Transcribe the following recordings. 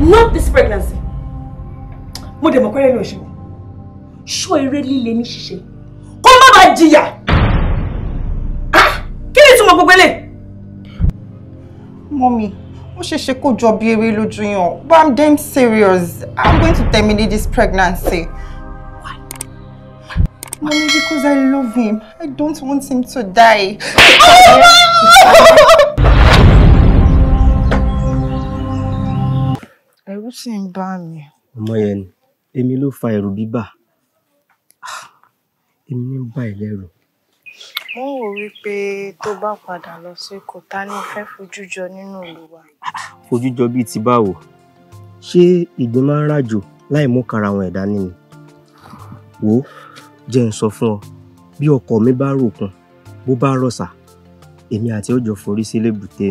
not this pregnancy mo dẹ̀ mọ̀ pẹ́rẹ́ ní òṣèlú ṣó eré líle ní ṣíṣe kó má bàa jìyà kí ni ìtumọ̀ gbogbo eléyìí. mọ́mí ó ṣe ṣe kó jọ bí eré lójú yàn but i'm damn serious i'm going to terminate this pregnancy. Why? Mommy, because I love him. I don't want him to die. Oh, ẹ̀rù sì ń bà mí. ọmọ yẹn ni èmi ló fa ẹ̀rù bíbà ah, èmi ń bà ẹ́ lẹ́rù. mo ń wò wípé tó bá padà lọ sí kòtá ní fẹ́ fojú jọ nínú ìlú wa. fojú jọ bíi ti báwo ṣé ìgbín máa ń ràjò láì mú kara àwọn ẹ̀dá nínú wò ó jẹ́ ń sọ fún ọ bí ọkọ mi bá ròkun bó bá rọ̀ṣà èmi àti ọjọ́ forí sí lébùté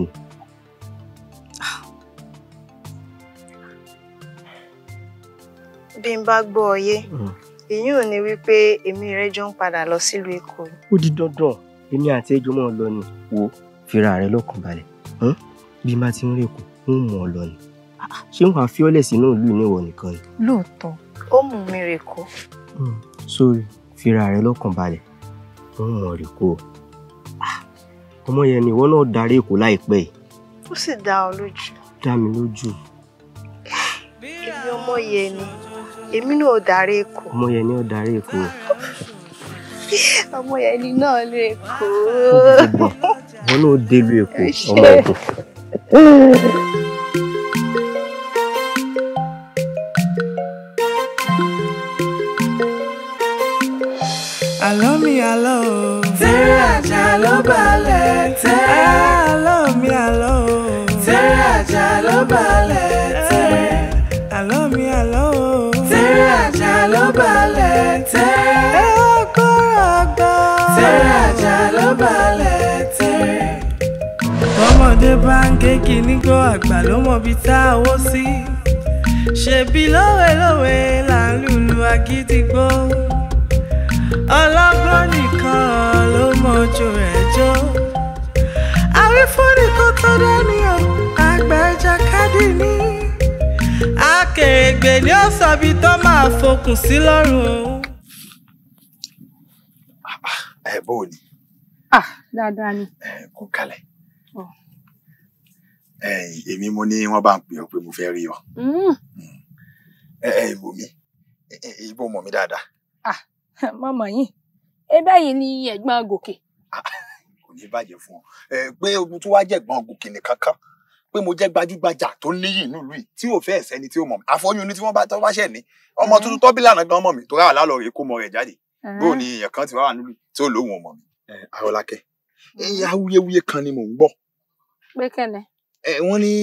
bí n bá gbọ́ ọ yé hmm. ìyún ò ní wípé èmi rẹ jọ ń padà lọ sílùú èkó. ó di dandan èmi àti ẹjọ mọ lọ ni wo fira rẹ lọ́kàn balẹ̀ hm? bí n bá ti ń rí èkó ń mọ ọ lọ ni ah. ṣé n wàá fi ọ́lẹ̀ sínú ìlú níwọ nìkan ni. lóòótọ́ ó mú mi rè kó. Hmm. sórí fira rẹ lọ́kàn balẹ̀ ń mọ rè kó ah, ọmọ yẹn ni ìwọ náà darí èkó láìpẹ́ yìí. ó sì dá ọ lójú. dá mi lójú. ibi ah, ọmọ yẹn ni èmi náà ò darí èkó. ọmọ yẹn ni ó darí èkó. ọmọ yẹn ni náà lọ èkó. wọn náà délu èkó ọmọ èkó. àlọ́ mi àlọ́ o. tẹ́rẹ̀ àjà ló balẹ̀ tẹ́rẹ̀. páńkéèkì nígò àgbà ló mọ̀ bí tá a wó sí ṣèbí lówelówe là ń lùlù agídígbò ọlọ́gbọ́n nìkan ló mọ̀jú rẹ̀ jó àwífúnni kò tó dání o àgbà ìjàkadì ni akèrègbè ni ó sọ bí tó máa fokùn sí lọ́rùn o. Ah, ah, ẹ bó ní. ah dáadáa ni. ẹ kú kalẹ̀ èmi mo ní wọn bá ń pè ọ pé mo fẹ́ rí ọ ìbò mi ìbò mọ̀ mi dáadáa. Ah, mọ̀mọ́ yìí ebe yìí ni ẹ̀gbọ́n gòkè. Ah, kò ní bàjẹ́ fún ọ pé ogun tó wá jẹ̀gbọ́n gòkè nìkan kan pé mo jẹ́ gbajúgbajà tó níyì nílùú yìí tí ò fẹ́ ẹ̀sẹ́ni tí ó mọ̀ mi àfọyún ni tí wọ́n bá tọ́ bá ṣẹ̀ ní ọmọ ah. tuntun tọ́bí lànà gan mọ̀ mi tó rà lálọ́ rẹ̀ kó mọ rẹ̀ jáde bó ni èèyàn kan ti wá wà nílùú tí ó lóhùn ọmọ mi. Arọ́lákẹ́ hmm. awuyewuye kan ni mò ń gbọ́. pé kẹ́nẹ̀ wọ́n ní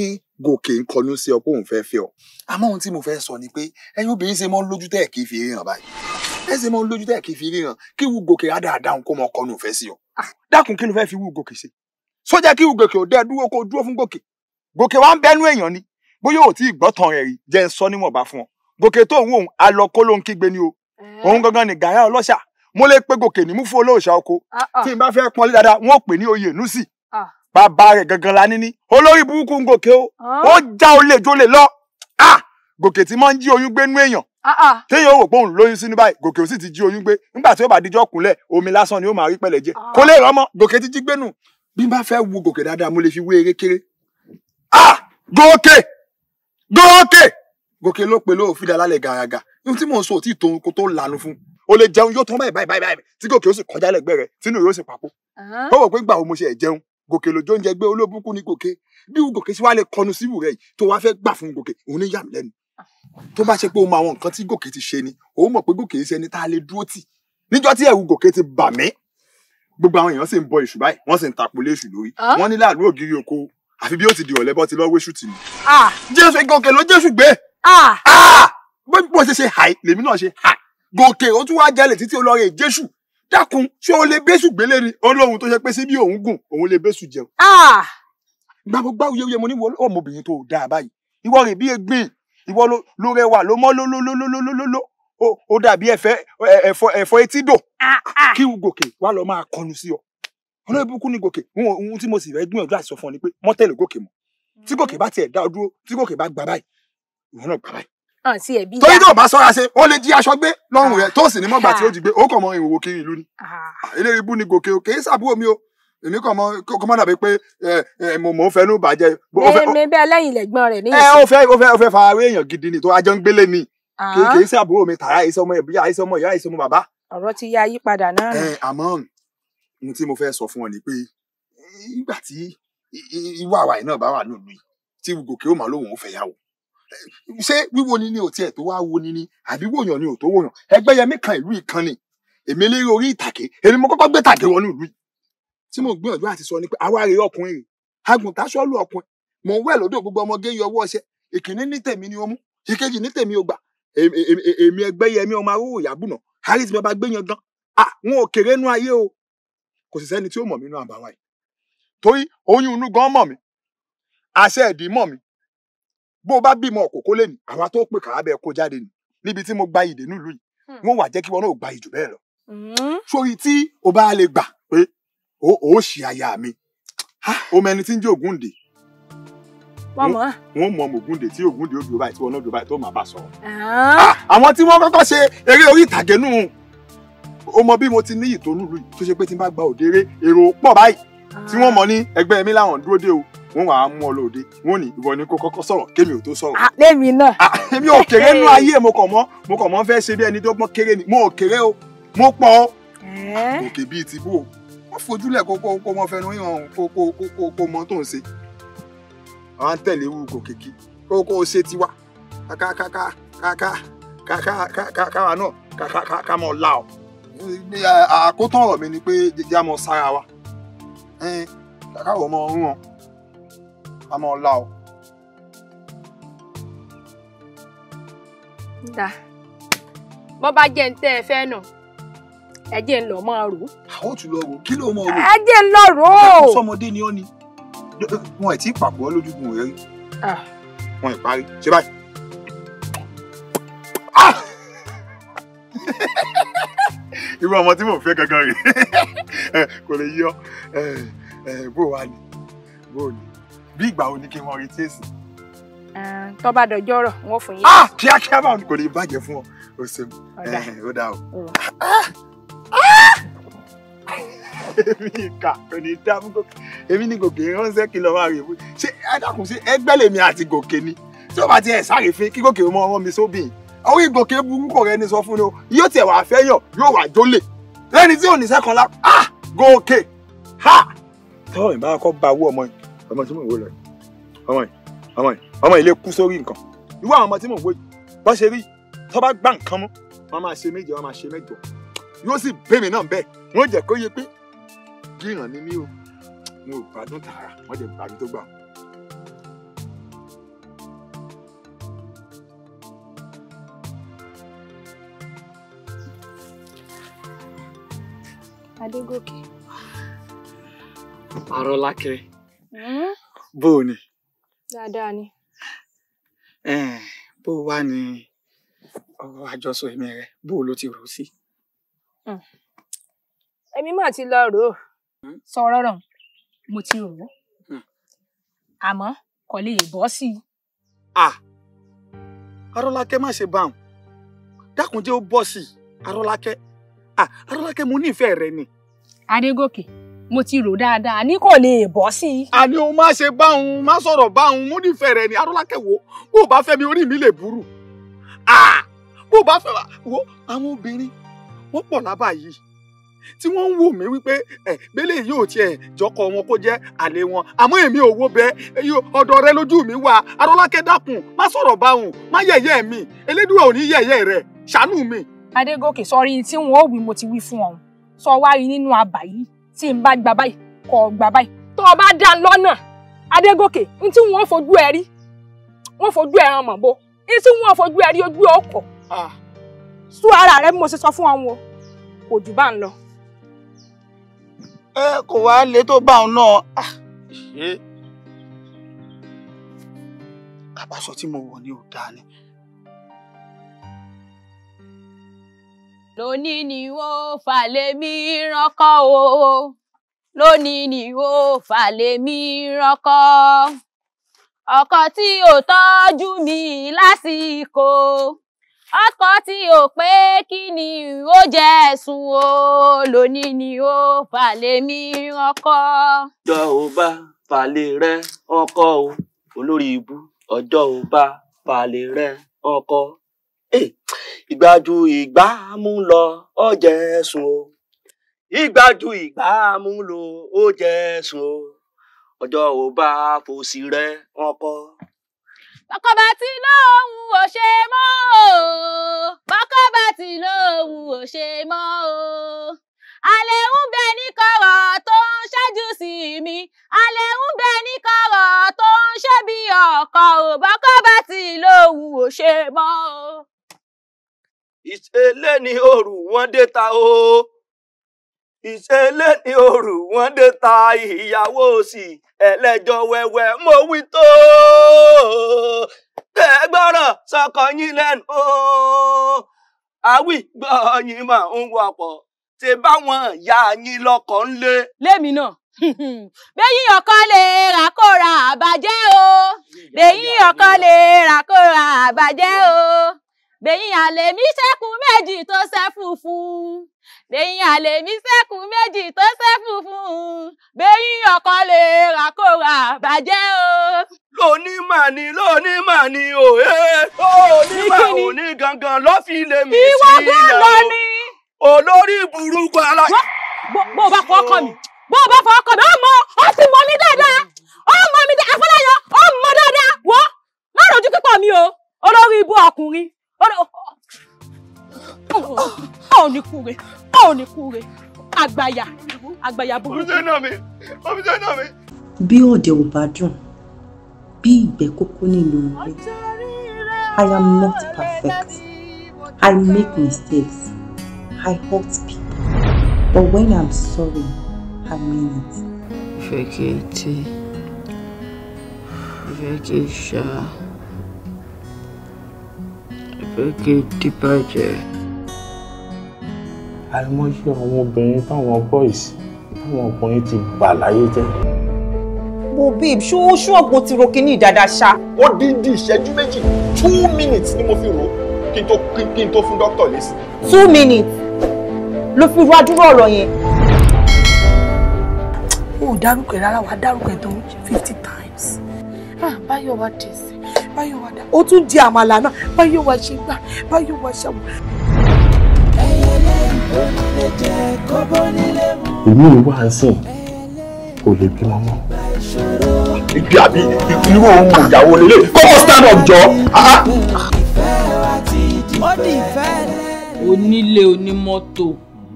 gòkè ń kọnu sí ọ pé òun fẹ́ẹ́ fẹ́ ọ àmọ́ ohun tí mo fẹ́ sọ ni pé ẹ̀yin obìnrin ṣe mọ́ lójú tẹ́ kì í fi ríran báyìí ẹ ṣe mọ́ lójú tẹ́ kì í fi ríran kí wù gòkè á dáadáa kó mọ kọnu fẹ́ sí ọ ah, dákun kí ló fẹ́ fi wù gòkè ṣe sójà kí wù gòkè ò dẹ dúró kó dúró fún gòkè gòkè wa ń bẹnu èèyàn ni bóyá ò tí ì gbọ́tàn rẹ̀ rí jẹ́ ń sọ níwọ̀nba fún ọ gòkè tó ń wò ń alọ kó ló ń kígbe ni o òun gangan ni gàrá ọlọ́ṣà mo lè pe gòkè ní mú fún olóòṣà oko ah, ah. tí n bá fẹ́ pọ́n lé bàbá rẹ̀ gangan la níní olórí burúkú ń gòkè o ó já olè jólè lọ ah! gòkè tí máa ń jí oyún gbé nú èèyàn ah, ah. téèyàn ò wò pé òun lóyún sínú báyìí gòkè ò sì ti jí oyún gbé nígbà tí ó bá dijọ́ kúnlẹ̀ omi lásán ni ó máa rí pẹ̀lẹ́ jẹ kó lè rọ́mọ gòkè ti jí gbé nù bí n bá fẹ́ wo gòkè dáadáa mo lè fi wé eré kéré gòkè gòkè gòkè ló pe lóò fìdá lálẹ́ gàràgà ohun tí mò ń sọ òtí ìtòun kó tó lanu fún o lè jẹun yóò tán báyìí báyìí báyìí tí gòkè ó sì kọjá lẹ́gbẹ̀ẹ́ rẹ̀ tínú sì papò ó wò pé gbà wo mo ṣe ẹ̀ jẹun gòkè lójó oúnjẹ gbé olóbùkú ní gòkè bí gòkè sì wá lè kọnu síbù rẹ tó wá fẹ́ gbà fún gòkè òun ní yàmí lẹ́nu tó bá ṣe pé o mọ àwọn nǹkan tí gòkè ti ṣe ni òun mọ̀ pé gòkè ṣe ni tá a lè dúró tì níjọ́ tí ẹ̀rù gòkè ti bà mí gbogbo àwọn èèyàn sì ń bọ èṣù báyìí wọ́n sì ń tapolé èṣù lórí ah. wọ́n ní láàlú ògiri oko àfi bí ó ti di ọ̀lẹ́bọ́ ti lọ́wọ́ èṣù tì mí. Ah. jésù gòkè ló jésù gbé ah. bó ṣe ṣe hàì lèmi náà ṣe hàì gòkè ó tún wá jalè títí olóore jésù dákun ṣé o lè bẹ́sù gbélé ni olóhun tó ṣe pé síbi òun gùn òun lè bẹ́sù jẹun. Ah! gbàgbọ́ gbá wuyewuye mo ní wọ́n ọmọbìnrin tó dáa báyìí ìwọ rè bí egbin ìwọ ló rẹwà ló mọ́ lólólólólólóló ó dàbí ẹ̀fọ́ etí dò ah, ah. kí n gòkè wá lọ máa kọnu sí ọ ọlọ́run ibùkún ni gòkè ohun tí mo sì fẹ́ gbìyànjú àti sọ fún ọ ni pé mọ́tẹ́lì gòkè mọ́ tí gòkè bá tiẹ̀ dá ọ dúró tí gòkè bá gbà báyìí ìwọ náà gbà báyìí torí tó bá sọ́ra ṣe ó lè jí aṣọ gbé lọ́rùn rẹ̀ tó sì ní mọ́gbà tí ó ti gbé ó kàn mọ ìwòwò kiri ìlú ni ah, eléré ibú ni gòkè òkè sàbúrò mi o èmi kàn mọ kó mọ dàbí pé mo mò ń fẹnu bàjẹ́. mi bẹ́ẹ̀ lẹ́yìn lẹ́gbọ́n rẹ̀ ní ìsìn. ẹ ó fẹ́ ó fẹ́ ó fẹ́ fa awé èèyàn gidi ni tó ajọ ń gbélé ni ah. kì í sàbúrò mi tàrà àìsàn ọmọ ìbí àìsàn ọmọ ìyá àìsàn ọmọ bàbá. ọ̀rọ̀ ti ya yípadà náà. ẹ àmọ́ ohun tí mo fẹ́ sọ fún ọ ni pé nígbà tí ìwà àwa yìí náà bá wà nílùú yìí tí gòkè ó mà lóun ò fẹ́ yà wò ṣé wíwo ni ni ò tiẹ̀ tó wá wo ni ni àbí wòyàn ni ò tó wòyàn Ẹgbẹ́yẹmí kan ìlú ìkànnì èmi lérí orí ìtàgé èmi mo kọ́kọ́ gbé tàgé wọnú ìlú yìí tí mo gbìyànjú àti sọ ni pé àwa rèé ọkùnrin rèé agùntàṣọ́lù ọkùnrin mò ń wẹ̀ lódò gbogbo ọmọge yọ ọwọ́ ọṣẹ ìkíní ní tèmi ni ó mú ìkejì ní tèmi ó gbà èmi Ẹgbẹ́yẹmí ọmọ arúgbó ìyàbùnà harris bàbá gbẹ̀yàn gan àwọn òkèrè nú ayé o kò sì sẹ́ni tí ó mọ̀ mí nú àbáwá yìí torí oyún inú gan mọ̀ mí àṣẹ ẹ̀dín mọ̀ mí bó o bá bímọ òkòkò lẹ́nu àwa tó pè káà bẹ́ẹ̀ kó jáde nù níbi tí mo gba ìdè nílùú yìí hmm. wọ́n wà jẹ́ kí wọn náà gba ìjù bẹ́ẹ̀ lọ. Hmm. sórí tí o bá lè gbà pé o ò ṣì aya mi o mọ ẹni tí ń jẹ́ Ògúndè wọ́n mọ Ògúndè tí Ògúndè ó dúró báyìí tí wọn náà dúró báyìí tó máa bá sọ̀rọ̀. Ah. àwọn tí wọ́n kọ́kọ́ ṣe eré orí ìtàgé nù o mọ bí mo ti níyì tó nílùú yìí tó ṣe pé tí n bá gba òdèrè èrò pọ̀ báyìí tí wọ́n mọ ní ẹgbẹ́ mi láwọn dúró dé o wọ́n wàá mú ọ lóde wọ́n ní ìwọ ni kò kọ́kọ́ sọ̀rọ̀ kémi ò tó sọ̀rọ̀. lèmi náà. èmi ò kéré nú ayé mo kàn mọ́ mo kàn mọ́ fẹ́ ṣe bí ẹni tó gbọ́n kéré ni mo ò kéré o mo pọ̀ o. òkè bíi ti bú o wọ́n fojúlẹ̀ kó kó mọ fẹnu yàn kó kó kó kó mọ tó ń ṣe. àwọn tẹ̀lé wù kò kékì kó kó ṣe tiwa kákákákákákákáwa náà kákákáká mọ̀ la o. àkótán ọ̀rọ̀ mi ni pé jẹ́ àmọ́ sára wa káwọ̀ mọ́ ọ̀rùn wọn. Vamos, Lau. Da. Bọ́ bá jẹ́ ń tẹ́ ẹ fẹ́ nà, ẹ jẹ́ ń lọ máa rò. Àwọn ò tún lọ rò, kí ló mọ̀ rò? Ẹ jẹ́ ń lọ rò. Sọmọdé ni ó ni. Wọn ẹ̀ tí ì pàpọ̀ lójúgun rẹ̀ rí. Wọn ì parí, ṣe báyìí. Irú ọmọ tí mò ń fẹ́ gangan rèé. Kò lè yí ọ. Bó wa ni? Bó ni? bí ìgbà wo ni kí wọ́n retí èsì. tó bá dọjọ́ rọ̀ wọ́n fún yín. ah kíákíá báwo ni kò lè bàjẹ́ fún ọ o ṣeun ó dáa o. Ah! Ah! èmi ìka òní dá fún gòkè èmi ní gòkè ránṣẹ́ kí lọ́ọ́ máa rè fún ṣé ẹ dákun ṣé ẹgbẹ́ lèmi àti gòkè ni tí ó bá ti ẹ̀ sáré fín kí gòkè mọ ọmọ mi sóbìn àwọn ìgòkè burúkú rẹ ni sọ fún ni o yóò tiẹ̀ wà fẹ́yàn yóò wà jólè lẹ́ni tí ò ní sẹ́kọ̀ọ́ lá ah! gòkè ha tọ́wọ́ ìbára kọ́ ba owó ọmọ yìí ọmọ tí mò ń wò lọ ọmọ yìí ọmọ yìí ọmọ yìí lè kú sórí nǹkan irú àwọn ọmọ tí mò ń wò yìí bá ṣe rí tó bá gbá nǹkan mú wọn máa ṣe méje wọn máa ṣe mẹ́jọ yóò sì bèmí náà bẹ́ẹ̀ wọn ò jẹ́ kó yẹ pé gíràn ni mí o mo ò gbádùn tààrà wọn jẹ gbádùn tó gbà. Adégòkè. Arọ́lákẹ́. Hmm? bó o ni. dáadáa ni. bó o wá ní ọ̀rọ̀ àjọsọ ẹ̀mí rẹ bó o ló ti rò ó sí. èmi hmm. mà ti lọ rò ó hmm? sọ̀rọ̀ rọ̀ mo ti rò ó àmọ́ kò lè bọ́ sí i. arọ́lákẹ́ má ṣe bá dákunjẹ́ ó bọ́ sí i arọ́lákẹ́ arọ́lákẹ́ mo nífẹ̀ẹ́ rẹ ni. adégòkè mo ti rò dáadáa ní kò lè bọ́ sí i. àní o má ṣe báhun má sọ̀rọ̀ báhun mo nífẹ̀ẹ́ rẹ ni arọ́lákẹ́ wo bó o bá fẹ́ mi orí mi lè burú bó o bá fẹ́ wo àwọn obìnrin wọ́n pọ̀ lábà yìí tí wọ́n ń wò mí wípé ẹ̀ bẹ́lẹ̀ yóò tiẹ̀ jọkọ̀ wọn kó jẹ́ àlè wọn àmọ́ èmi ò wo bẹ́ẹ̀ ọ̀dọ̀ rẹ lójú mi wà arọ́lákẹ́ dákun má sọ̀rọ̀ báhun má yẹ̀yẹ́ mi elédùn òní yẹ̀yẹ́ rẹ̀ ṣàánú mi. adégòkè sọrí tí wọn ò wí mo ti wí fún ọ sọ wá rí nínú àbá yìí tí n bá gbà báyìí kọ̀ gbà báyìí tó o bá dá lọ́nà adégòkè n tí wọ́n fojú ẹ rí wọ́n fojú ẹ hàn mọ̀bó n tí wọ́n fojú ẹ rí ojú ọkọ̀ ah, sú ara rẹ bí mo ṣe sọ fún àwọn kò jù bá ń lọ. ẹ kò wá lè tó bá òun náà ah, ṣe àbáṣọ tí mo wọ̀ ni ò lónìí ni ó fàlẹ́mí ránkọ́ o lónìí ni ó fàlẹ́mí ránkọ́ ọkọ tí ò tọ́jú mi lásìkò ọkọ tí ò pé kí ni ó jẹ ẹ̀sùn o lónìí ni ó fàlẹ́mí ránkọ́. jọ ò bá fàlẹ́ rẹ ọkọ o olórí ibú ọjọ́ ò bá fàlẹ́ rẹ ọkọ. Hey ìgbà ju ìgbà mú lọ ó jẹ sùn o ìgbà ju ìgbà mú lọ ó jẹ sùn o ọjọ́ ò bá fòsì rẹ wọn kọ́. bákọ́bá tí lóhùn ò ṣe mọ́ o bákọ́bá tí lóhùn ò ṣe mọ́ o alẹ́ ń bẹ ní kọ̀rọ̀ tó ń ṣẹ́jú sí mi alẹ́ ń bẹ ní kọ̀rọ̀ tó ń ṣe bí ọkọ̀ ò bákọ́bá tí lóhùn ò ṣe mọ́ o ìṣẹ̀lẹ̀ ni òòrù wọn dé ta o ìṣẹ̀lẹ̀ ni òòrù wọn dé ta ìyàwó sì ẹlẹ́jọ́ wẹ́wẹ́ mo wí tó tẹ gbọ́rọ̀ sọkọ yín lẹ́nu o àwí gbọ́ yín mà ń wọ̀pọ̀ ṣe báwọn ìyá yín lọ́kọ ń lé. lémi náà bẹ́yìn ọ̀kan lè ràkóra àbàjẹ́ o lẹ́yìn ọ̀kan lè ràkóra àbàjẹ́ o. bẹ́yìn àlèmí ṣẹ́kù méjì tó ṣẹ́ funfun bẹ́yìn àlèmí ṣẹ́kù méjì tó ṣẹ́ funfun bẹ́yìn ọkọ lè rà bàjẹ́ o. lóní mà ní lóní mà ní òye onímà òní gangan ló fi lè mí sí ilẹ̀ o olórí burúkú alá. bó o bá fọ ọkọ mi bó o bá fọ ọkọ mi ọmọ ó sì mọ mi dáadáa ọmọ mi dáadáa afọláyọ ọmọ dáadáa wọ má rojú pípọ̀ mi o olórí ibú ọkùnrin ọ̀ ní kúre ọ̀ ní kúre àgbàyà àgbàyà burúkú. ọmọdé náà mi ọmọdé náà mi. bí ọ̀dẹ̀ ò bá dùn bí ìgbẹ́ kókó nínú rẹ̀ I am not perfect I make mistakes I hurt people but when I'm sorry I mean it. ìfẹ́ kejì ìfẹ́ kejì ṣáá gẹ́gẹ́ dìbàjẹ́. àìmọye àwọn obìnrin táwọn boys táwọn ọkùnrin ti bà láyé jẹ́. mo babe ṣó ṣó ọ̀pọ̀ ti ro kíní dáadáa ṣá. ó dín dín ìṣẹ́jú méjì two minutes ni mo fi rò kí n tó kí n tó fún dókítà lésì. two minutes ló fi ro adúrò ọ̀rọ̀ yẹn. o ò dárúkọ ẹ rárá wa dárúkọ ẹ tó fifty times. ah báyọ̀ wá dé sí báyọ̀ wà dá ó tún di àmàlà náà báyọ̀ wà ṣe gbà báyọ̀ wà ṣe wà. èmi ò wá sìn kò lè bímọ mọ́. ìgbé àbí ìdílé òun mọ ìyàwó lélẹ̀ kọ́kọ́ stand up jọ. Ah, ah. onílé onímọ́tò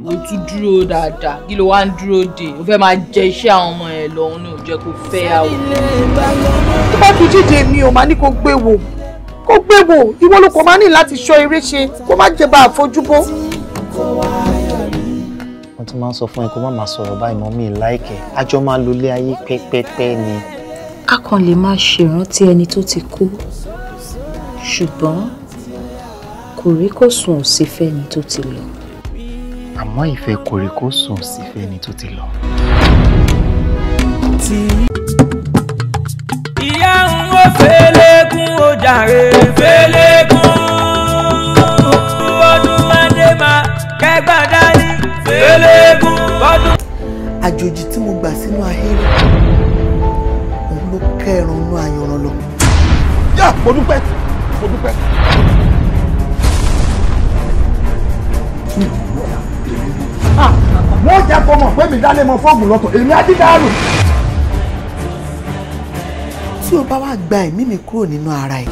o tún dúró dáadáa kí ló wá ń dúró dè o fẹ́ máa jẹ iṣẹ́ àwọn ọmọ ẹ̀ lọ́hún ni ò jẹ́ kó fẹ́ ya o. tó bá tún jíjẹ mi ò máa ní kó gbé wò kó gbé wò ìwọ ló kò máa ní láti ṣọ́ eré ṣe kó má jẹ bá àfojúbó. mo ti máa ń sọ fún ẹ kó má máa sọ̀rọ̀ báyìí mọ́ mi láìkẹ́ àjọ máa lo ilé ayé pẹ́pẹ́pẹ́ ni. a kàn lè máa ṣèrántí ẹni tó ti kú ṣùgbọ́n kò rí kò sùn òsì fẹ́ni tó ti lọ àmọ́ ìfẹ́ kòríkó sùn sífẹ́ ni tó ti lọ. ìyá ń wo fẹlẹ́kùn ó jàre fẹlẹ́kùn bọ́dún máde máa kẹgbà dání fẹlẹ́kùn bọ́dún. àjòjì tí mo gbà sínú ahéré òun ló kẹrùn inú àyànràn lọ. yá mo dúpẹ́ mo dúpẹ́. Hmm wọ́n jẹ́ kó mọ̀ pé mi dálé mọ fọ́ọ̀gùn lọ́tọ̀ èmi adídáàrò. tí o bá wá gba ẹ̀mí mi kúrò nínú ara ẹ̀.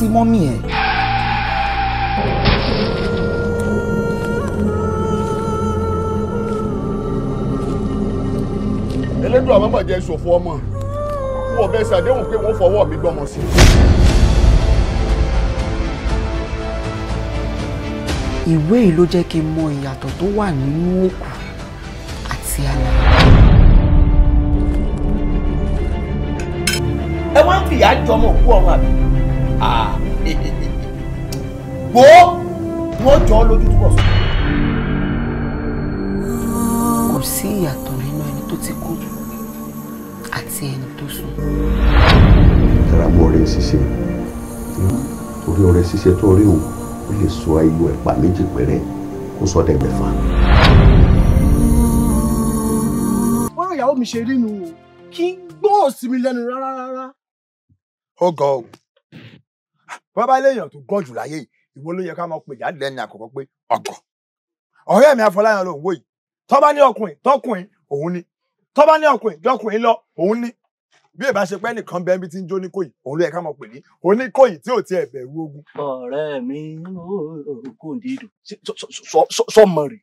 sí mọ́mì ẹ̀. elédùn àwọn bàjẹ́ ìṣòfò ọmọ wọ́n bẹ́ẹ̀ ṣàdéhùn pé wọ́n fọwọ́ mi gbọ́mọ sí i. ìwé yìí ló jẹ́ kí n mọ ìyàtọ̀ tó wà nínú òkú àti àlá. ẹ wá ń fìyà jọmọ òkú ọmọ àbí. wo wọ́n jọ ọ́ lójú túbọ̀ sọ. kò sí ìyàtọ̀ nínú ẹni tó ti kú àti ẹni tó sùn. tara mọ ọ̀rẹ́ ṣíṣe orí ọ̀rẹ́ ṣíṣe tó rí òun ó lè sọ ayò ẹ̀pà méjì péré kó sọ dẹgbẹ̀fà. wọ́n rán ìyàwó mi ṣe rí nu kí gbọ́ọ̀ mi lẹ́nu rárá rárá. ó bàbá eléyàn tó gọ̀ jù láyé ìwọ ló yẹ ká máa pè jáde lẹ́nu àkọ́kọ́ pé ọ̀gọ̀ ọ̀rẹ́ mi Afọláyan lòun wò yìí tọ́ba ní ọkùnrin tọkùnrin òun ni tọ́ba ní ọkùnrin jọkùnrin lọ òun ni bí ìbá ṣe pẹ́ nìkan bẹ́ẹ̀ bí ti ń jó ní kòyí òun ló yẹ ká máa pè ní oníkòyí tí ò tiẹ̀ bẹ̀rù ogun. ọ̀rẹ́ mi kò ní ìdò sọmọ rẹ̀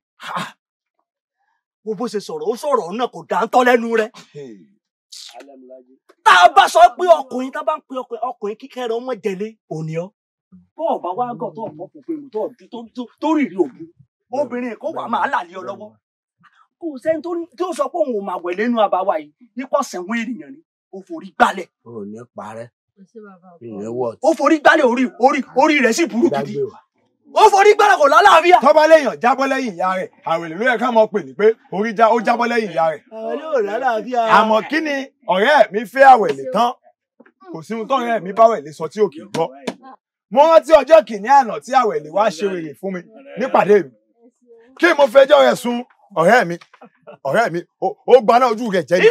wo bó ṣe sọ̀rọ̀ ó sọ̀rọ̀ náà kò dáńtọ́ lẹ́nu rẹ̀ tá a bá sọ pé ọkùnrin tá a bá ń pe ọkùnrin kíkẹrẹ ọmọ jẹlé òní ọ bọ́ ọ̀bá wa gọ̀ tó ọ̀pọ̀ kò pe mò tó rìrì òbu obìnrin kò wà máa là lé ọ lọ́wọ́ kò sẹ́ni tó sọ pé òun ò máa wẹ̀ lẹ́nu àbáwá yìí nípa sẹ̀wọ̀n ènìyàn ni ó forí gbálẹ̀. o ò ní parẹ́ ìyẹn wọ̀. ó forí gbálẹ̀ orí orí orí rẹ̀ sì burú gidi ó forí gbára kò lálàáfíà. tọ́ba lẹ́yìn jábọ́ lẹ́yìn ìyá rẹ̀ àwẹ̀lẹ̀ ló yẹ ká mọ̀ pè ní pé orí já ó jábọ́ lẹ́yìn ìyá rẹ̀. àwẹ̀lẹ̀ ò lálàáfíà. àmọ́ kí ni ọ̀rẹ́ mi fẹ́ àwẹ̀lẹ̀ tán kò sí ohun tọ́rẹ́ mi bá àwẹ̀lẹ̀ sọ tí ò kì í gbọ́. mo rántí ọjọ́ kìíní àná tí àwẹ̀lẹ̀ wá ṣe rere fún mi nípàdé mi kí mo fẹjọ́ rẹ̀ sun ọ̀rẹ́ mi ọ̀rẹ́ mi ó gbaná ojú rẹ̀ jẹ́ ni.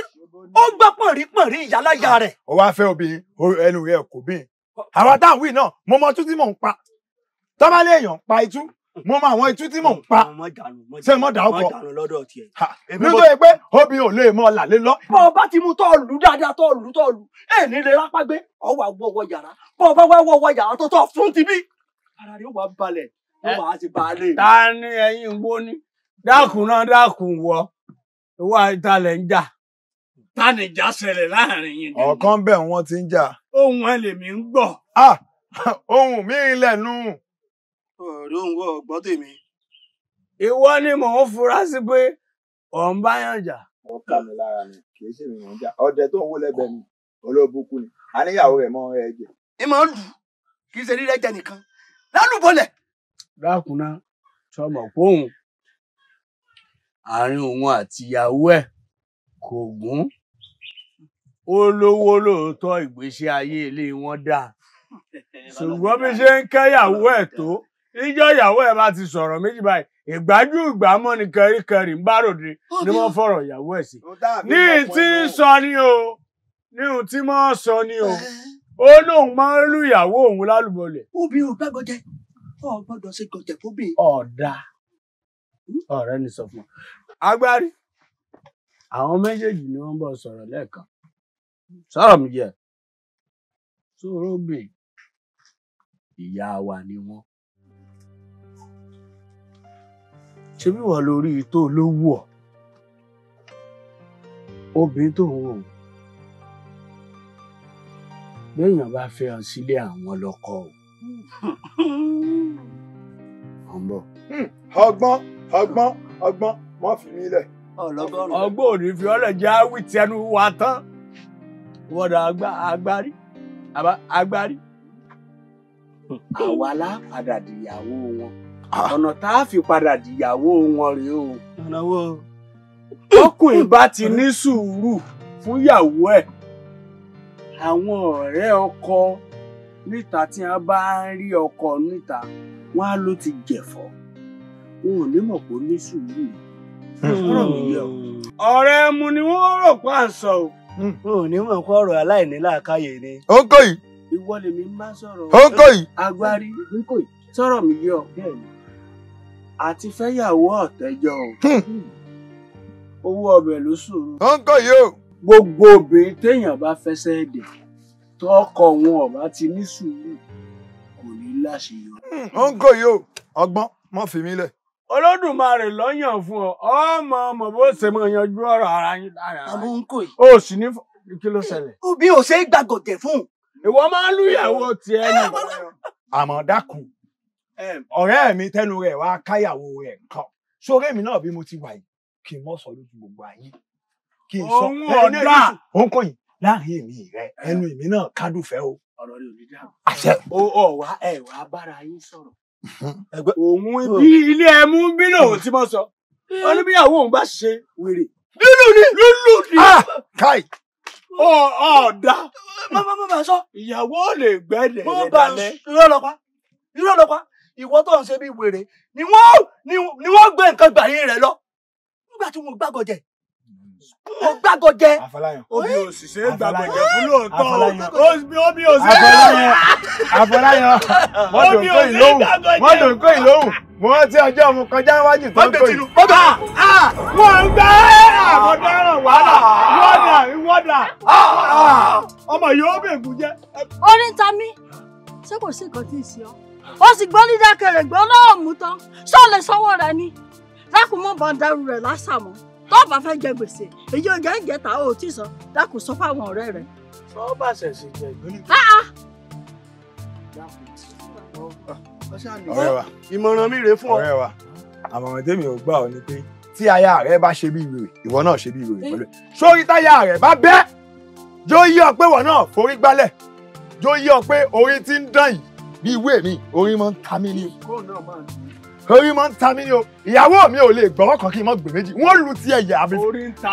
ó gbá pọ̀nrípọ̀nrí ìyálàyà ah, rẹ̀. ó wá fẹ́ obìnrin ẹnu rẹ̀ kò bí àwa táwọn wí náà mo mọ tún tí mò ń tọ́málẹ̀ èèyàn pa itú mo mọ àwọn itú tí mò ń pa ṣé mo dà ọkọ nítorí pé obì ò lè mọ ọ̀là lé lọ. bọ́ ọ bá ti mú tọ́ọ̀lù dáadáa tọ́ọ̀lù tọ́ọ̀lù ẹ̀ ní lè rápá gbé ọwọ́ àwọ̀wọ̀ yàrá bọ́ ọ bá wá wọ̀wọ̀ yàrá tó tọ́ fún ti bí. ara rẹ̀ wà balẹ̀ wọ́n eh, wà ti balẹ̀. ta ni ẹ̀yin wo ni dákun náà dákun wọ ìwà ìtàlẹ̀ ń jà ta ni ìjà ṣẹlẹ̀ láàrin yìí. ọ̀kan bẹ́ẹ̀ wọ́n ti ń jà. ohun ẹ ń gbọ́. ah ohun mi ń lẹ̀ ọ̀rẹ́ òun wọ ọ̀gbọ́n tèmi. ìwọ ni mò ń fura sí pé ò ń bá yàn jà. wọ́n kà mí lára ni kì í ṣe mi mò ń jà ọdẹ tó ń wó lẹ́gbẹ̀ẹ́ mi olóòbùkún ni àníyàwó rẹ̀ mọ́ ẹ jẹ. ẹ máa ń lù kì í ṣe rírẹ́ jẹ nìkan lálùbọ̀lẹ̀. dákúná sọmọ póun àárín òun àtìyàwó ẹ kò gún ó lówó lóòótọ́ ìgbésí ayé ilé wọn dáa ṣùgbọ́n bí ṣe ń kẹ́yàwó ẹ̀ tó níjọ́ ìyàwó ẹ̀ bá ti sọ̀rọ̀ méjì báyìí ìgbájú ìgbámọ́ ni kẹríkẹrí ń bá ròde ni wọ́n fọ̀rọ̀ ìyàwó ẹ̀ sí. ní tí ń sọ ni o ní ohun tí mọ́ sọ ni o ó lóun máa ń lù ìyàwó òun lálùbọ̀lẹ̀. obì ò gbàgbọ́ jẹ ọ gbọ́dọ̀ ṣe gọjẹ fóbì. ọ̀dà hmm? ọ̀rẹ́ ni sọ fún ọ. agbárí àwọn méjèèjì ni wọ́n bọ̀ sọ̀rọ̀ lẹ́ẹ̀kan sọ̀rọ̀ mi jẹ́ sọ̀rọ̀ bì ìyá wa ni wọ́n. ṣé bí wà lórí tó lówó ọ obìnrin tó ń wò ó lẹ́yìn bá fẹ́ ọ sílé àwọn lọ́kọ o. ọ̀nbọ. ọgbọ́n ọgbọ́n ọgbọ́n mọ́ fi mí lẹ̀. ọgbọ́n ò ní fi ọ́ lẹ̀ jẹ́ àwí tẹnu wa tán wọ́dà agbárí agbárí àwa la padà wọn ọ̀nà tá a fi padà dìyàwó wọn rèé o. ìrànwọ́. ọkùnrin bá ti ní sùúrù fún ìyàwó ẹ̀ àwọn ọ̀rẹ́ ọkọ níta tí a bá ń rí ọkọ níta wọn á ló ti jẹ̀fọ́ wọn ò ní mọ̀ pé ó ní sùúrù ọ̀rọ̀ mi o. ọ̀rẹ́ mu ni wọ́n rò pé à ń sọ o. Hmm. wọn ò ní mọ̀ pé ọ̀rọ̀ aláìní làákàyè ni. ó ń kọ́ yìí. ìwọ lèmi ń bá sọ̀rọ̀. ó ń kọ́ yìí. agbárí sọ̀rọ̀ mi yẹ o. bẹ́ẹ̀ ni àti fẹ́yàwó ọ̀tẹ́jọ́ o hmm. owó ọbẹ̀ ló ṣòro. ó ń kọ́ yìí o. gbogbo obìnrin téèyàn bá fẹsẹ̀ dẹ̀ tọkọ wọn ọba ti ní sùúrù kò ní láṣeyọrí. Hmm, ó ń kọ́ yìí o ọgbọ́n mọ́ fi mí lẹ̀. Olódùmarè lọ́yàn fún ọ ọmọ ọmọ bó ṣe mọ yanjú ọ̀rọ̀ ara yín lára àmọ́ ń kò yìí. o sì ní kí ló ṣẹlẹ̀. òbí ò ṣe é gbàgọ̀dẹ̀ fún. ìwọ máa lùyàwó tiẹ̀ nìkan. àmọ́ dákun ọ̀rẹ́ mi tẹnu rẹ̀ wá káyàwó rẹ̀ kan sórí èmi náà bí mo ti wà yìí kí n mọ̀ sọ lójú gbogbo ayé kí n sọ ẹni ọ̀dà òun kò yìn láàrin èmi rẹ ẹnu èmi náà kádùfẹ́ o. ọ̀rọ̀ rẹ̀ ò ní dáhùn. àṣẹ. ó ọ̀ wá ẹ̀ wá bára yín sọ̀rọ̀. òun bí ilé ẹmu bí lòun ti mọ sọ wọn ní bí àwọn òun bá ṣe wèrè. lílù ni lílù ni. káì. ọ̀ọ́dà. bàbá bàbá sọ. ìyàwó lè gbẹ́dẹ̀ lẹ́dálẹ́. irọ́ lọ pa irọ́ lọ pa ìwọ tó ń ṣe bí wèrè ni wọ́n ni wọ́n gbé nǹkan gbà yín rẹ̀ lọ nígbà tí wọ́n gbàgọ̀ jẹ mo gbàgọ̀ jẹ. omi òṣìṣẹ́ gbàgbọ̀jẹ̀ fún lóòótọ́ omi òṣìṣẹ́. àfọláyàn mọ́tò ń kó ìlóhùn mọ́tò ń kó ìlóhùn mo rántí ọjọ́ mo kọjá iwájú tó ń kó ìlú. bọ́tà ah, ah. wọ́n ń gbá àbọ̀dáràn wàhálà ah. wọ́dà wọ́dà ọmọ yóò bẹ̀gùn jẹ́. orí ń ta mí ṣé kò sí nǹkan tí ì sí ọ ó sì gbọ́ ní dákẹ̀rẹ̀gbẹ́ ọlọ́run mú tán ṣé o lè sanwó rẹ ni dákun mọ́ bá ń darú rẹ̀ lásàmọ́ tó bá fẹ́ jẹ gbèsè èyí ò jẹ́ ìjẹta ò tí sọ dákun sọ fáwọn ọ̀rẹ́ rẹ. sọ bá ṣẹ̀ṣẹ̀ jẹ ìgbónìkà. ọ̀rẹ́ wa ìmọ̀ràn mi rèé fún ọ. ọ̀rẹ́ wa àmọ̀ràn tèmi ò gbà ọ ni pé tí aya rẹ bá ṣe bí ìwé ìwọ náà ṣe bí ìwé eh? pẹ̀lú ẹ sórí táyà rẹ bá bẹ́ jó yí ọ pé ìwọ náà forí gbálẹ̀ jó yí ọ pé orí ti ń dán yìí bí ìwé mi orin máa ń ta mí ni o orin máa ń ta mí ni o ìyàwó mi ò lè gbọ́rọ̀ kan kí n mọ́ gbè méjì wọ́n lu ti ẹ̀yà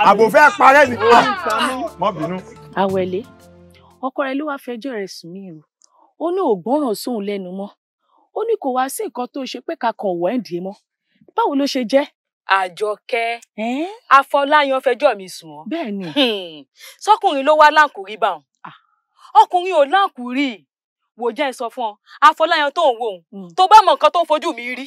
àbòfẹ́ parẹ́ ni mọ́ ah, bínú. àwẹ̀lé ọkọ rẹ ló wáá fẹjọ́ rẹ̀ sùn mí o ó ní ògbọ́ràn sóun lẹ́nu mọ́ ó ní kò wá sí nǹkan tó ṣe pé ká kàn wọ́ ẹ̀ǹdì mọ́ báwo ló ṣe jẹ́. àjọkẹ́ afọláyan fẹjọ́ mi sùn ọ́ bẹ́ẹ̀ ni hmm. sọkùnrin ló wá láǹkùrí báwọn ah. ọkùnrin ò láǹkùrí wò jẹ́ ìsọ fún ọ Afọláyan tó ń wo òun hmm. tó bá mọ nǹkan tó ń fojú mi rí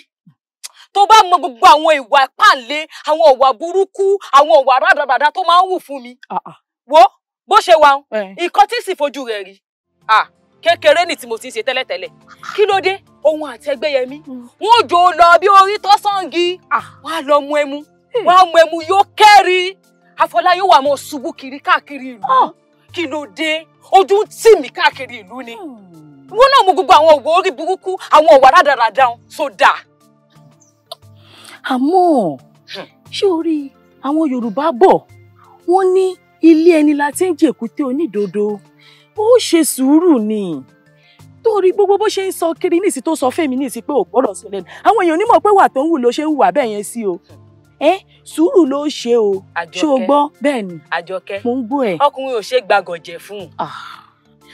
tó bá mọ gbogbo àwọn ìwà pàǹlé àwọn ìwà burúkú àwọn ìwà rádaràdà tó máa ń wù fún mi ah, ah. wo bó ṣe wà nǹkan tí sì fojú rẹ̀ rí kékeré ni tí mo ti ń ṣe tẹ́lẹ̀tẹ́lẹ̀ kí ló dé òun àti Ẹgbẹ́yẹmí wọn hmm. ò jò lọ bí orí tó sàngi ah. wọn á lọ mu ẹmu wọn á mu ẹmu yóò kẹ́rì Afọláyan wà mọ ṣubú kiri káàkiri ìlú kí ló dé ojú ń tì mí káàkiri ìlú ni. Hmm wọn náà mú gbogbo àwọn òwò orí burúkú àwọn ọ̀wà rádaràdà tó dáa. àmọ́ hmm. ṣé o rí àwọn yorùbá bọ̀ wọ́n ní ilé ẹni la ti ń jèkúté onídodo ó ṣe sùúrù ni torí gbogbo bó ṣe ń sọ kiri nísì tó sọ fẹ́mi nísì pé ò gbọ́dọ̀ sọ lẹ́nu àwọn èèyàn onímọ̀ pé wà tó ń wù ló ṣe ń wà bẹ́ẹ̀ yẹn sí o ẹ sùúrù ló ṣe o ṣé o gbọ́ bẹ́ẹ̀ ni mo ń gbọ́ ẹ ọkùnrin ò ṣe gbàgọ̀jẹ̀ fún un. Ah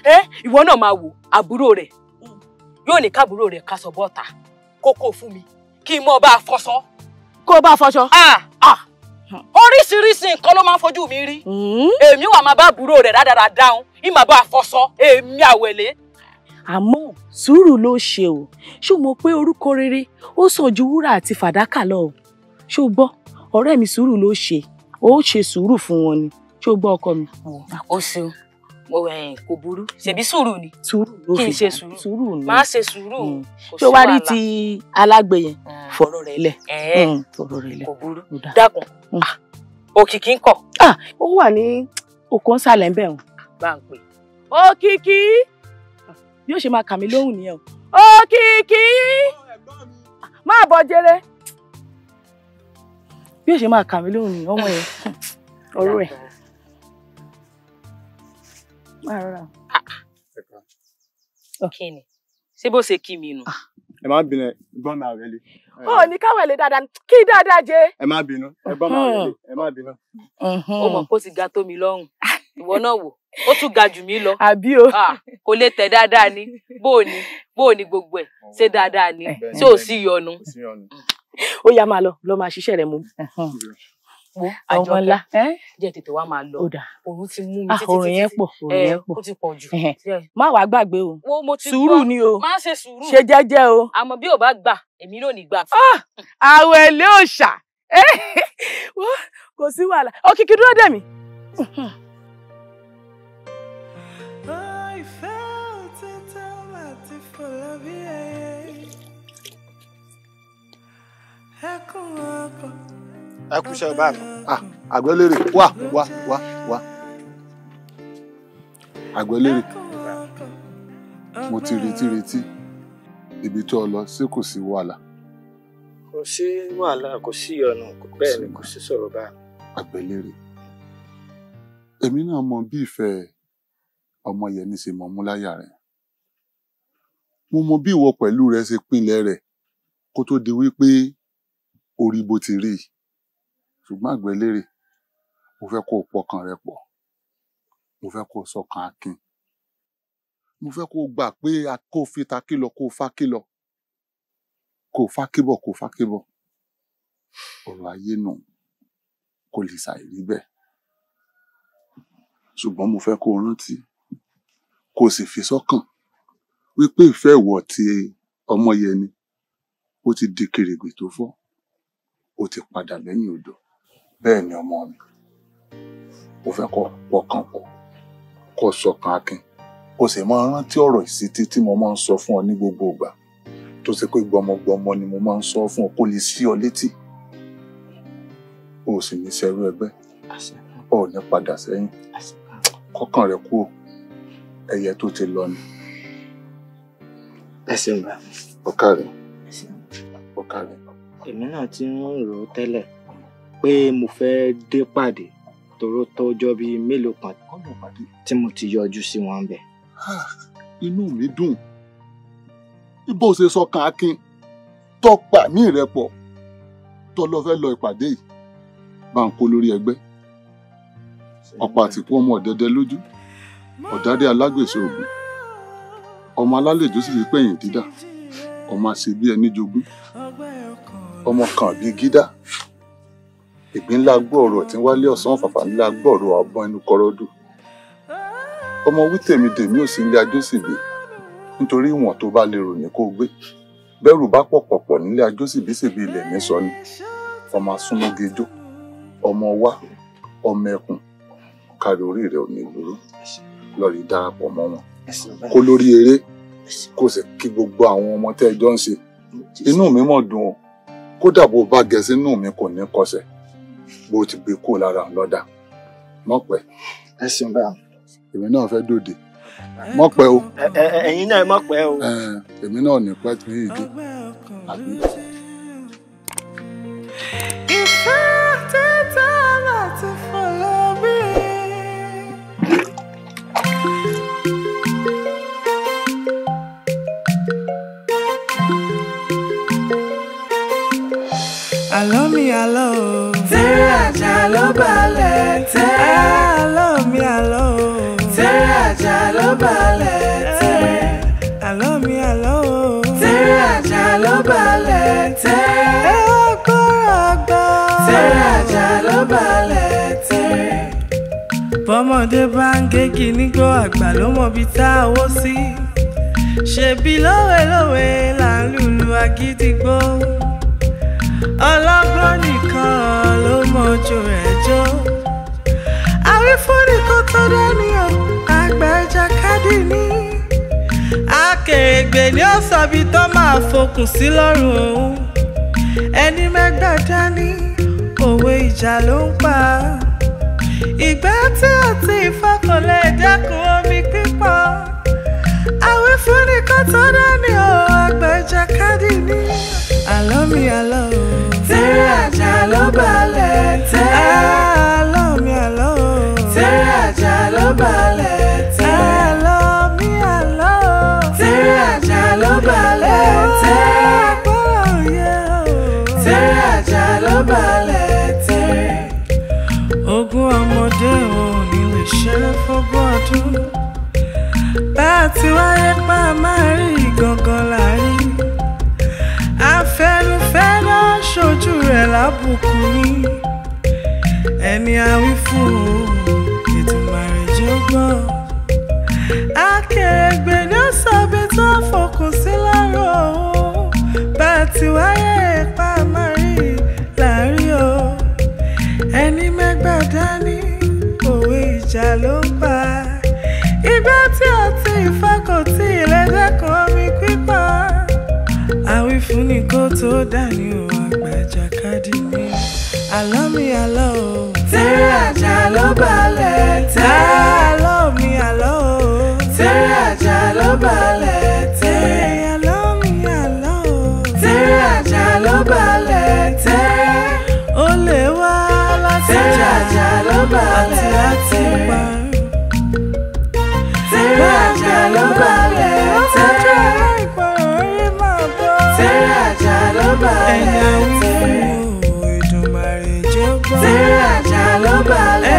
ẹ ìwọ náà máa wò àbúrò rẹ yóò ní káàbúrò rẹ ká sọ bọ́ta kókó fún mi kí n mọ bá a fọṣọ. kó bá a fọṣọ. oríṣiríṣi nǹkan ló máa ń fojú mi rí èmi wà máa bá àbúrò rẹ rádára dáhùn ìmọ̀ bá a fọṣọ èmi àwẹ̀lé àmọ́ sùúrù ló ṣe o ṣó mọ̀ pé orúkọ rere ó sàn ju wúrà àti fàdákà lọ o ṣó gbọ́ ọ̀rẹ́ mi sùúrù ló ṣe ó ṣe sùúrù fún wọn ni ṣó gbọ́ ọkọ mi. ó ṣeun kò burú ṣèbí sùúrù ni sùúrù ló fi ṣe sùúrù ni má ṣe sùúrù tó mm. wá rí ti alágbe yẹn mm. fọ̀rọ̀ rẹ̀ lẹ̀ mm, fọ̀rọ̀ rẹ̀ lẹ̀ kò burú dákun ah, òkìkí ń kọ̀. Ah, ó wà ní òkò ń sàlẹ̀ ń bẹ̀ wọ́n. bá ń pè. òkìkí ah, bí ṣe máa kà mí lóhùn nìyẹn o òkìkí máa bọ̀ jẹrẹ bí ó ṣe máa kà mí lóhùn nìyẹn ọmọ yẹn ọ̀rọ̀ ẹ̀. Ah, rárá. Ah. kí ni ṣé bó ṣe kí mi nù. Ah. ẹ má bínú ẹ̀gbọ́n mi àwẹlé. ó ní káwọn èlé dáadáa kí dáadáa jẹ. ẹ má bínú ẹ̀gbọ́n mi àwẹlé hmm. ẹ má bínú. Hmm. ó mọ̀ kó ti ga tó mi lọ́rùn ìwọ náà wò ó tún ga jù mí lọ. àbí o. kò lè tẹ̀ dáadáa ni bó o ní bó o ní gbogbo ẹ̀ ṣe dáadáa ni eh. ṣé ò sí ìyọnu. ó yá máa lọ lọ máa ṣiṣẹ́ rẹ̀ mú àwọn ọlá díẹ̀ tètè wá máa lọ òun ti mú mi ah, títí òrùn yẹn pọ̀ òrùn yẹn pọ̀ ó ti pọ̀ jù má wàá gbàgbé o sùúrù ni o má ṣe sùúrù ṣe jẹ́jẹ́ o àmọ́ bí ò bá gbà èmi ló ní gbà. Ah! àwọ̀ ẹ̀lẹ́ òòṣà kò sí wàhálà òkìkí dúró dè mí. Ẹkún ọkọ̀ ẹ kú iṣẹ́ báyìí àgbẹ̀lérè wá wá wá wá àgbẹ̀lérè mo ti retí retí ibi tó o lọ ṣé kò sí wàhálà. kò sí wàhálà kò sí ọ̀nà bẹ́ẹ̀ ni kò sí sọ̀rọ̀ báyìí. àgbẹ̀lérè èmi náà mọ bí ìfẹ́ ọmọ yẹn ní ṣe mọ mú láyà rẹ̀ mo mọ bí ìwọ pẹ̀lú rẹ ṣe pinlẹ̀ rẹ̀ kó tó di wípé orí bó ti rí i ṣùgbọ́n àgbẹ̀ lérè mo fẹ́ kó o pọkàn rẹ pọ̀ mo fẹ́ kó o sọkàn akin mo fẹ́ kó o gbà pé kó o fi ta kí lọ kó o fa kí lọ kó o fa kí bọ̀ kó o fa kí bọ̀ ọ̀rọ̀ ayé nù kò lè ṣàì rí bẹ́ẹ̀ ṣùgbọ́n mo fẹ́ kó o rántí kó o sì fi sọ́kàn wípé ìfẹ́ ìwọ ti ọmọ yẹn ni ó ti di kèrègbè tó fọ́ ó ti padà lẹ́yìn odò bẹ́ẹ̀ ni ọmọ mi mo fẹ́ kọ́ pọkàn pọ̀ kó sọkàn akin kó sì máa rántí ọ̀rọ̀ ìṣítí tí mo máa ń sọ fún ọ ní gbogbo ìgbà tó ṣe pé gbọmọgbọmọ ni mo máa ń sọ fún ọ kó lè sí ọ létí o sì ní sẹrú ẹgbẹ́ ọ ò ní padà sẹ́yìn kọkàn rẹ kúrò ẹyẹ tó ti lọ ni. ẹ ṣeun ọkà rẹ ọkà rẹ. èmi náà ti ń rò ó tẹ́lẹ̀ pé mo fẹ́ dé pàdé tòró tọ́jọ́ bíi mélòó kan tí mo ti yọjú sí wọn bẹ̀. inú mi dùn bó ṣe sọ kan akin tó pa mí rẹpọ̀ tó lọ fẹ́ lọ ìpàdé yìí bá ń kó lórí ẹgbẹ́ ọ̀pá àtìkú ọmọ ọ̀dẹ́dẹ́ lójú ọ̀dádé alágbèsè ògùn ọmọ alálejò sì fi pẹ̀yìn dídà ọmọ àṣebí ẹni jogún ọmọ kan bíi gídá ìgbín ńlá gbọ́ọ̀rọ̀ tí ń wálé ọ̀sán fàfà ńlá gbọ́ọ̀rọ̀ àbọ̀n inú kọ́rọ́dù ọmọ wí tèmi dèmi ò sí ilé ajósìbè nítorí ìwọ̀n tó bá lè ròyìn kó gbé bẹ́rù bá pọ̀ pọ̀pọ̀ nílé ajósìbè ṣèbí ilẹ̀ mi sọ ni ọmọ asúnmọ́gẹjọ́ ọmọ wa ọmọ ẹkùn kárí orí rẹ ò ní burú lọ́ọ̀rì darapọ̀ mọ́ wọn kó lórí eré kó sì kí gbogbo àwọn ọmọ tẹ́ ẹjọ́ ń ṣe inú mi mọ̀ dùn o kódà bó bá gẹ̀ sínú mi kò ní kọsẹ̀. bó ti gbé kúrò lára lọ́dà mọ̀pẹ́. ẹ ṣeun bá a. èmi náà fẹ́ dòde mọ́pẹ́ o. ẹ̀yin náà mọ́pẹ́ o. èmi náà ní pẹ́ tí yìí dé àbí. ìfẹ́ tẹ́tẹ́ láti fọlọ́ bí. àlọ́ mi àlọ́ o. tẹ́rẹ̀ àjà ló balẹ̀ tẹ́rẹ̀. àlọ́ mi àlọ́ o. tẹ́rẹ̀ àjà ló balẹ̀ tẹ́rẹ̀. àlọ́ mi àlọ́ o. tẹ́rẹ̀ àjà ló balẹ̀ tẹ́rẹ̀. ẹ ó kọ́ra gbọ́. tẹ́rẹ̀ ló balẹ̀ tẹ́rẹ̀. bọ́mọdé bá ń gé kínní gbọ́ àgbà ló mọ̀ bí tá a wó sí. ṣèbí lówelówe là ń lùlù agídígbò ọlọ́gbọ́n nìkan ló mọ̀jú rẹ̀ jó àwífúnni kan tó dání o àgbà ìjàkadì ni akèrègbè ni ó sọbi tó máa fokùn sí lọ́rùn òun ẹni mẹ́gbàá dání òwe ìjà ló ń pa ìgbà tí àti ìfọkànlẹ̀ dẹ́kun omi pípọ̀ àwífúnni kan tó dání o àgbà ìjàkadì ni àlọ́ mi àlọ́. balẹ̀. alábùkún ni ẹni àwí fún Èdùmàrè jẹ́ gbọ́n. Akèrègbè ni ó sọ̀bi tó fòkùn sí lárò ó bá a ti wáyé ipa mari láàrin o ẹni mẹ́gbà dání òwe ìjà ló ń pa igbá tí ọtí ìfakọ̀tì ìlẹ́dẹ̀kọ̀ omi pípa àwífún ni kó tó dání o àlọ́ mi àlọ́ o. tẹ́rẹ́ àjà ló balẹ̀ tẹ́. àlọ́ mi àlọ́ o. tẹ́rẹ́ àjà ló balẹ̀ tẹ́. àlọ́ mi àlọ́ tẹ́rẹ́ àjà ló balẹ̀ ó lè wá lásìjà. tẹ́rẹ́ ló balẹ̀ àti àti pa. Será ya global.